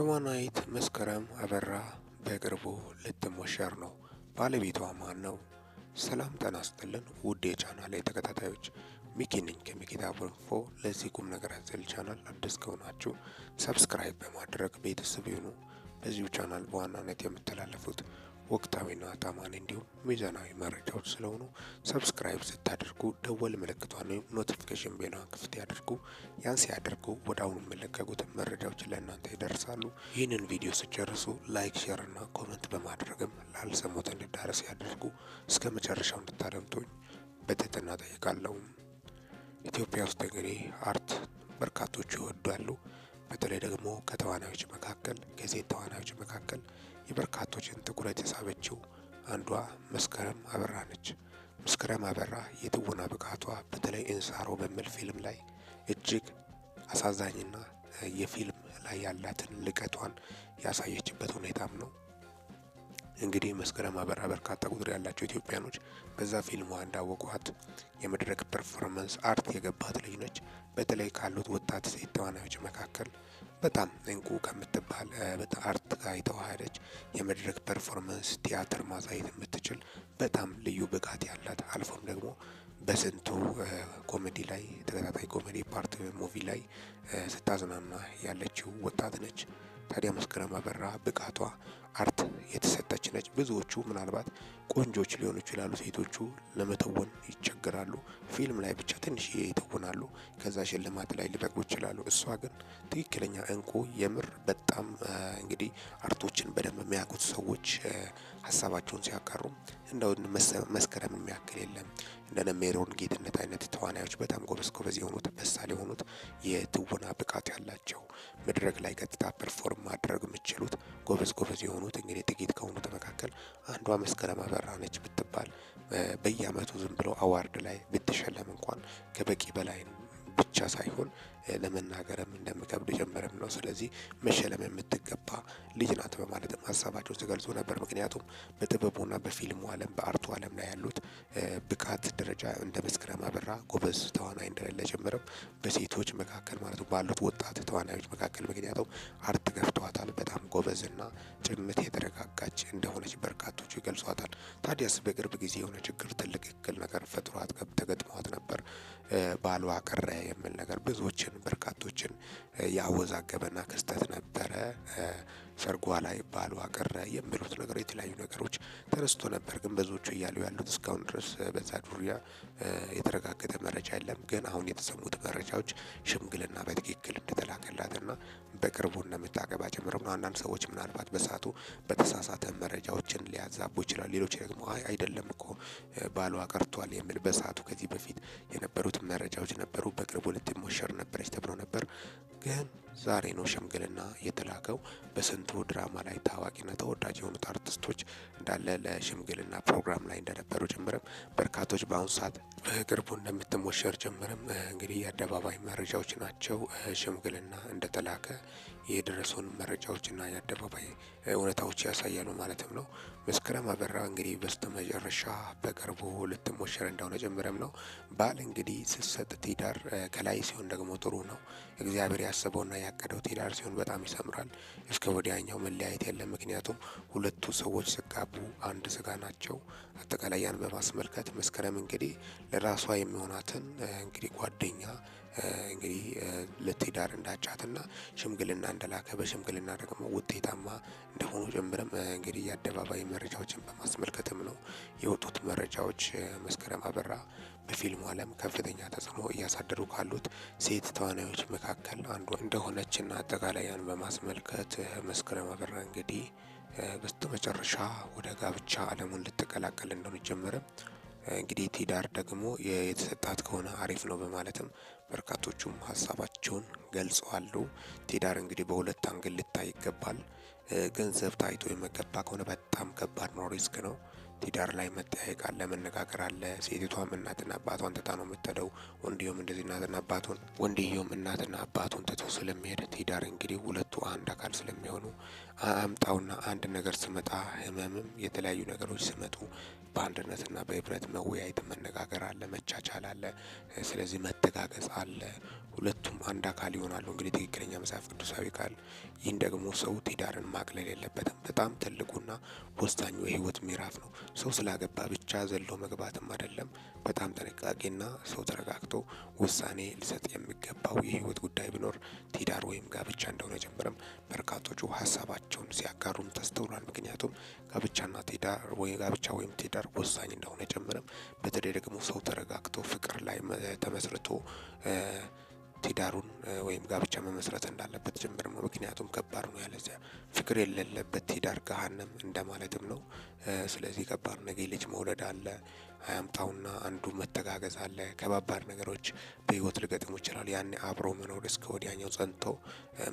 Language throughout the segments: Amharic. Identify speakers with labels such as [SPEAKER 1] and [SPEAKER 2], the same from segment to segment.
[SPEAKER 1] ተዋናይት መስከረም አበራ በቅርቡ ልትሞሸር ነው። ባለቤቷ ማን ነው? ሰላም ጤና ይስጥልን ውድ የቻናል ተከታታዮች ሚኪ ነኝ ከሚኪታ ቦንፎ። ለዚህ ቁም ነገር አዘል ቻናል አዲስ ከሆናችሁ ሰብስክራይብ በማድረግ ቤተሰብ ይሁኑ። በዚሁ ቻናል በዋናነት የምተላለፉት ወቅታዊና ታማኝ እንዲሁም ሚዛናዊ መረጃዎች ስለሆኑ ሰብስክራይብ ስታደርጉ ደወል ምልክቷን ወይም ኖቲፊኬሽን ቤሏን ክፍት ያደርጉ። ያን ሲያደርጉ ወደ አሁኑ የሚለቀቁትን መረጃዎች ለእናንተ ይደርሳሉ። ይህንን ቪዲዮ ስጨርሱ ላይክ፣ ሼር እና ኮመንት በማድረግም ላልሰሙት እንዲዳረስ ያደርጉ። እስከ መጨረሻው እንድታደምጡኝ በትህትና ጠይቃለሁ። ኢትዮጵያ ውስጥ እንግዲህ አርት በርካቶች ይወዳሉ። በተለይ ደግሞ ከተዋናዮች መካከል ከሴት ተዋናዮች መካከል የበርካቶችን ትኩረት የሳበችው አንዷ መስከረም አበራ ነች። መስከረም አበራ የትወና ብቃቷ በተለይ እንሳሮ በሚል ፊልም ላይ እጅግ አሳዛኝና የፊልም ላይ ያላትን ልቀቷን ያሳየችበት ሁኔታም ነው። እንግዲህ መስከረም አበራ በርካታ ቁጥር ያላቸው ኢትዮጵያኖች በዛ ፊልሟ እንዳወቋት የመድረክ ፐርፎርመንስ አርት የገባት ልጅ ነች። በተለይ ካሉት ወጣት ሴት ተዋናዮች መካከል በጣም እንቁ ከምትባል አርት ጋር የተዋሃደች የመድረክ ፐርፎርመንስ ቲያትር ማሳየት የምትችል በጣም ልዩ ብቃት ያላት አልፎም ደግሞ በስንቱ ኮሜዲ ላይ ተከታታይ ኮሜዲ ፓርት ሙቪ ላይ ስታዝናና ያለችው ወጣት ነች። ታዲያ መስከረም አበራ ብቃቷ አርት የተሰጠች ነች። ብዙዎቹ ምናልባት ቆንጆች ሊሆኑ ይችላሉ፣ ሴቶቹ ለመተወን ይቸገራሉ። ፊልም ላይ ብቻ ትንሽ ይተውናሉ፣ ከዛ ሽልማት ላይ ሊበቅሉ ይችላሉ። እሷ ግን ትክክለኛ እንቁ፣ የምር በጣም እንግዲህ አርቶችን በደንብ የሚያውቁት ሰዎች ሀሳባቸውን ሲያቀሩ እንደው መስከረም የሚያክል የለም። እንደነ ሜሮን ጌትነት አይነት ተዋናዮች በጣም ጎበዝ ጎበዝ የሆኑት በሳል የሆኑት የትወና ብቃት ያላቸው መድረክ ላይ ቀጥታ ፐርፎርም ማድረግ የሚችሉት ጎበዝ ጎበዝ የሆኑት ከሆኑት እንግዲህ ጥቂት ከሆኑት መካከል አንዷ መስከረም አበራ ነች ብትባል በየአመቱ ዝም ብሎ አዋርድ ላይ ብትሸለም እንኳን ከበቂ በላይ ነው። ብቻ ሳይሆን ለመናገርም እንደሚከብድ ጀመረም ነው። ስለዚህ መሸለም የምትገባ ልጅ ናት በማለት ሀሳባቸው ተገልጾ ነበር። ምክንያቱም በጥበቡና በፊልሙ ዓለም በአርቱ ዓለም ላይ ያሉት ብቃት ደረጃ እንደ መስከረም አበራ ጎበዝ ተዋናይ እንደሌለ ጀምርም በሴቶች መካከል ማለት ባሉት ወጣት ተዋናዮች መካከል ምክንያቱም አርት ገፍተዋታል። በጣም ጎበዝና ጭምት የተረጋጋች እንደሆነች በርካቶቹ ይገልጿታል። ታዲያስ በቅርብ ጊዜ የሆነ ችግር ትልቅ እክል ነገር ፈጥሯት ተገጥሟት ነበር። ባሏ ቀረ የሚል ነገር ብዙዎችን በርካቶችን ያወዛገበና ክስተት ነበረ። ሰርጓ ላይ ባሉ አቀረ የሚሉት ነገር የተለያዩ ነገሮች ተነስቶ ነበር። ግን ብዙዎቹ እያሉ ያሉት እስካሁን ድረስ በዛ ዙሪያ የተረጋገጠ መረጃ የለም። ግን አሁን የተሰሙት መረጃዎች ሽምግልና በትክክል እንደተላከላትና በቅርቡ እንደምታገባ ጭምርም ነው። አንዳንድ ሰዎች ምናልባት በሰዓቱ በተሳሳተ መረጃዎችን ሊያዛቡ ይችላል። ሌሎች ደግሞ አይ አይደለም እኮ ባሏ ቀርቷል የሚል በሰዓቱ ከዚህ በፊት የነበሩት መረጃዎች ነበሩ። በቅርቡ ልትሞሸር ነበረች ተብሎ ነበር ግን ዛሬ ነው ሽምግልና የተላከው። በስንቱ ድራማ ላይ ታዋቂና ተወዳጅ የሆኑት አርቲስቶች እንዳለ ለሽምግልና ፕሮግራም ላይ እንደነበሩ ጭምርም በርካቶች በአሁኑ ሰዓት በቅርቡ እንደምትሞሸር ጭምርም እንግዲህ የአደባባይ መረጃዎች ናቸው። ሽምግልና እንደተላከ የደረሱን መረጃዎችና የአደባባይ እውነታዎች ያሳያሉ ማለትም ነው። መስከረም አበራ እንግዲህ መጨረሻ በቅርቡ ልትሞሸር እንደሆነ ጭምርም ነው። ባል እንግዲህ ስትሰጥ ትዳር ከላይ ሲሆን ደግሞ ጥሩ ነው። እግዚአብሔር ያስበውና ያቀደው ትዳር ሲሆን በጣም ይሰምራል። እስከ ወዲያኛው መለያየት የለም። ምክንያቱም ሁለቱ ሰዎች ሲጋቡ አንድ ስጋ ናቸው። አጠቃላይ ያን በማስመልከት መስከረም እንግዲህ ለራሷ የሚሆናትን እንግዲህ ጓደኛ እንግዲህ ለትዳር እንዳጫትና ሽምግልና እንደላከ በሽምግልና ደግሞ ውጤታማ እንደሆኑ ጭምርም እንግዲህ የአደባባይ መረጃዎችን በማስመልከትም ነው የወጡት መረጃዎች። መስከረም አበራ በፊልሙ ዓለም ከፍተኛ ተጽዕኖ እያሳደሩ ካሉት ሴት ተዋናዮች መካከል አንዱ እንደሆነችና አጠቃላይ ያን በማስመልከት መስከረም አበራ እንግዲህ በስተመጨረሻ ወደ ጋብቻ አለሙን ልትቀላቀል እንደሆነ ጀምርም እንግዲህ ቲዳር ደግሞ የተሰጣት ከሆነ አሪፍ ነው በማለትም በርካቶቹም ሀሳባቸውን ገልጸዋሉ። ቲዳር እንግዲህ በሁለት አንግል ልታይ ይገባል። ገንዘብ ታይቶ የመገባ ከሆነ በጣም ከባድ ነው፣ ሪስክ ነው። ትዳር ላይ መጠያየቅ አለ፣ መነጋገር አለ። ሴቲቷም እናትና አባቷን ትታ ነው የምትሄደው። ወንድየውም እንደዚህ እናትና አባቱን ወንድየውም እናትና አባቱን ትቶ ስለሚሄድ ትዳር እንግዲህ ሁለቱ አንድ አካል ስለሚሆኑ አምጣውና አንድ ነገር ስመጣ ህመምም የተለያዩ ነገሮች ሲመጡ በአንድነትና በህብረት መወያየት መነጋገር አለ፣ መቻቻል አለ። ስለዚህ መተጋገዝ አለ። ሁለቱም አንድ አካል ይሆናሉ። እንግዲህ ትክክለኛ መጽሐፍ ቅዱሳዊ ቃል ይህን ደግሞ ሰው ትዳርን ማቅለል የለበትም። በጣም ትልቁና ወሳኙ የህይወት ምዕራፍ ነው። ሰው ስላገባ ብቻ ዘሎ መግባትም አይደለም። በጣም ጥንቃቄና ሰው ተረጋግቶ ውሳኔ ሊሰጥ የሚገባው የህይወት ጉዳይ ቢኖር ትዳር ወይም ጋብቻ እንደሆነ ጀምረም በርካቶቹ ሀሳባቸውን ሲያጋሩም ተስተውሏል። ምክንያቱም ጋብቻና ትዳር ወይ ጋብቻ ወይም ትዳር ወሳኝ እንደሆነ ጀምረም በተለይ ደግሞ ሰው ተረጋግቶ ፍቅር ላይ ተመስርቶ ትዳሩን ወይም ጋብቻ መመስረት እንዳለበት ጭምር ነው። ምክንያቱም ከባድ ነው፣ ያለዚያ ፍቅር የሌለበት ትዳር ገሀነም እንደማለትም ነው። ስለዚህ ከባድ ነገ ልጅ መውለድ አለ አያምጣውና አንዱ መተጋገዝ አለ። ከባባድ ነገሮች በህይወት ሊገጥሙ ይችላል። ያኔ አብሮ መኖር እስከ ወዲያኛው ጸንቶ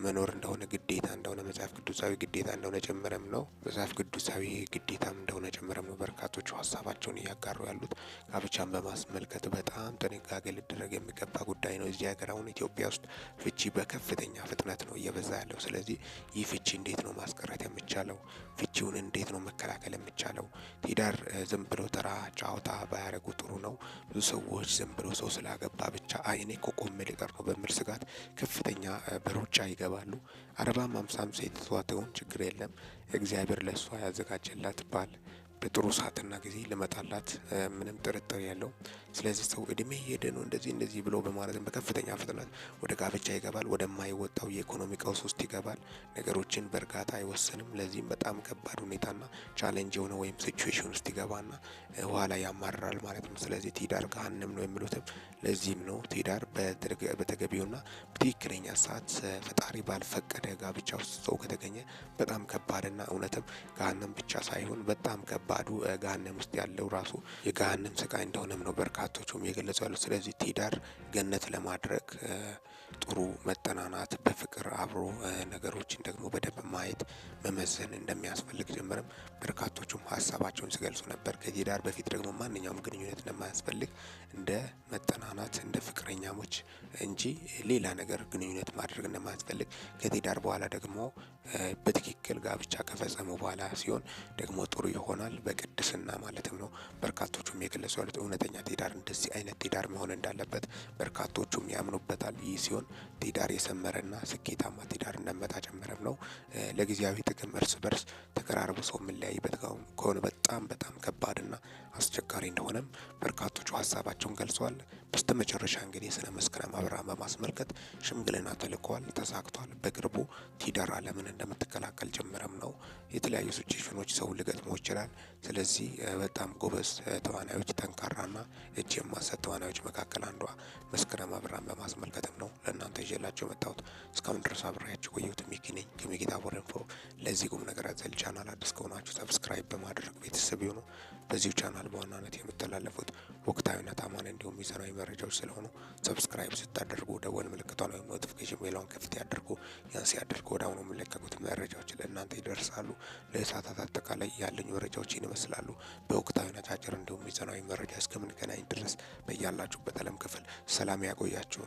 [SPEAKER 1] መኖር እንደሆነ ግዴታ እንደሆነ መጽሐፍ ቅዱሳዊ ግዴታ እንደሆነ ጨምረም ነው መጽሐፍ ቅዱሳዊ ግዴታም እንደሆነ ጨምረም ነው በርካቶቹ ሀሳባቸውን እያጋሩ ያሉት ጋብቻን በማስመልከት በጣም ጥንቃቄ ሊደረግ የሚገባ ጉዳይ ነው። እዚህ ሀገር አሁን ኢትዮጵያ ውስጥ ፍቺ በከፍተኛ ፍጥነት ነው እየበዛ ያለው። ስለዚህ ይህ ፍቺ እንዴት ነው ማስቀረት የሚቻለው? ፍቺውን እንዴት ነው መከላከል የሚቻለው? ትዳር ዝም ብሎ ተራ ጨዋታ ባያደርጉ ጥሩ ነው። ብዙ ሰዎች ዝም ብሎ ሰው ስላገባ ብቻ አይኔ እኮ ሊቀር ነው በሚል ስጋት ከፍተኛ በሩጫ ይገባሉ። አርባም አምሳም ሴት ትሆን ችግር የለም። እግዚአብሔር ለእሷ ያዘጋጀላት ባል በጥሩ ሰዓትና ጊዜ ልመጣላት ምንም ጥርጥር ያለው። ስለዚህ ሰው እድሜ እየሄደ ነው እንደዚህ እንደዚህ ብሎ በማለትም በከፍተኛ ፍጥነት ወደ ጋብቻ ይገባል፣ ወደማይወጣው የኢኮኖሚ ቀውስ ውስጥ ይገባል። ነገሮችን በእርጋታ አይወስንም። ለዚህም በጣም ከባድ ሁኔታና ቻሌንጅ የሆነ ወይም ሲቹዌሽን ውስጥ ይገባና ኋላ ያማራል ማለት ነው። ስለዚህ ትዳር ገሃነም ነው የሚሉትም ለዚህም ነው። ትዳር በተገቢውና በትክክለኛ ሰዓት ፈጣሪ ባልፈቀደ ጋብቻ ውስጥ ሰው ከተገኘ በጣም ከባድና እውነትም ገሃነም ብቻ ሳይሆን በጣም ከባድ ከባዱ ገሀነም ውስጥ ያለው ራሱ የገሀነም ስቃይ እንደሆነም ነው በርካቶቹም የገለጹ ያሉት። ስለዚህ ትዳር ገነት ለማድረግ ጥሩ መጠናናት፣ በፍቅር አብሮ ነገሮችን ደግሞ በደንብ ማየት መመዘን እንደሚያስፈልግ ጀምርም በርካቶቹም ሀሳባቸውን ሲገልጹ ነበር። ከትዳር በፊት ደግሞ ማንኛውም ግንኙነት እንደማያስፈልግ እንደ መጠናናት እንደ ፍቅረኛሞች እንጂ ሌላ ነገር ግንኙነት ማድረግ እንደማያስፈልግ ከትዳር በኋላ ደግሞ በትክክል ጋብቻ ከፈጸሙ በኋላ ሲሆን ደግሞ ጥሩ ይሆናል፣ በቅድስና ማለትም ነው። በርካቶቹም የገለጹ ያሉት እውነተኛ ትዳር እንደዚህ አይነት ትዳር መሆን እንዳለበት በርካቶቹም ያምኑበታል። ይህ ሲሆን ትዳር የሰመረና ስኬታማ ትዳር እንደመጣ ጨምረም ነው። ለጊዜያዊ ጥቅም እርስ በርስ ተቀራርቦ ሰው የምንለያይበት ከሆነ በጣም በጣም ከባድና አስቸጋሪ እንደሆነም በርካቶቹ ሀሳባቸውን ገልጸዋል። በስተ መጨረሻ እንግዲህ ስነ መስከረም አብርሃም በማስመልከት ሽምግልና ተልኳል፣ ተሳክቷል። በቅርቡ ትዳር አለምን እንደምትከላከል ጭምርም ነው። የተለያዩ ሲቹዌሽኖች ሰው ሊገጥሞ ይችላል። ስለዚህ በጣም ጎበዝ ተዋናዮች፣ ጠንካራና እጅ የማሰጥ ተዋናዮች መካከል አንዷ መስከረም አበራን በማስመልከትም ነው ለእናንተ ይዤላቸው የመጣሁት። እስካሁን ድረስ አብሬያቸው ቆየሁት። ሚኪ ነኝ ከሚኪታ ፎር ኢንፎ። ለዚህ ቁም ነገር አዘል ቻናል አዲስ ከሆናችሁ ሰብስክራይብ በማድረግ ቤተሰብ የሆኑ በዚሁ ቻናል በዋናነት የምተላለፉት ወቅታዊና ታማኝ እንዲሁም ሚዛናዊ መረጃዎች ስለሆኑ ሰብስክራይብ ስታደርጉ ደወል ምልክቷን ወይም ኖቲፊኬሽን ቤሏን ክፍት ያደርጉ። ያን ሲያደርጉ ወደ አሁኑ የሚለቀቁት መረጃዎች ለእናንተ ይደርሳሉ። ለእሳታት አጠቃላይ ያለኝ መረጃዎች ይመስላሉ። በወቅታዊና አጫጭር እንዲሁም ሚዛናዊ መረጃ እስከምንገናኝ ድረስ በያላችሁበት ዓለም ክፍል ሰላም ያቆያችሁ።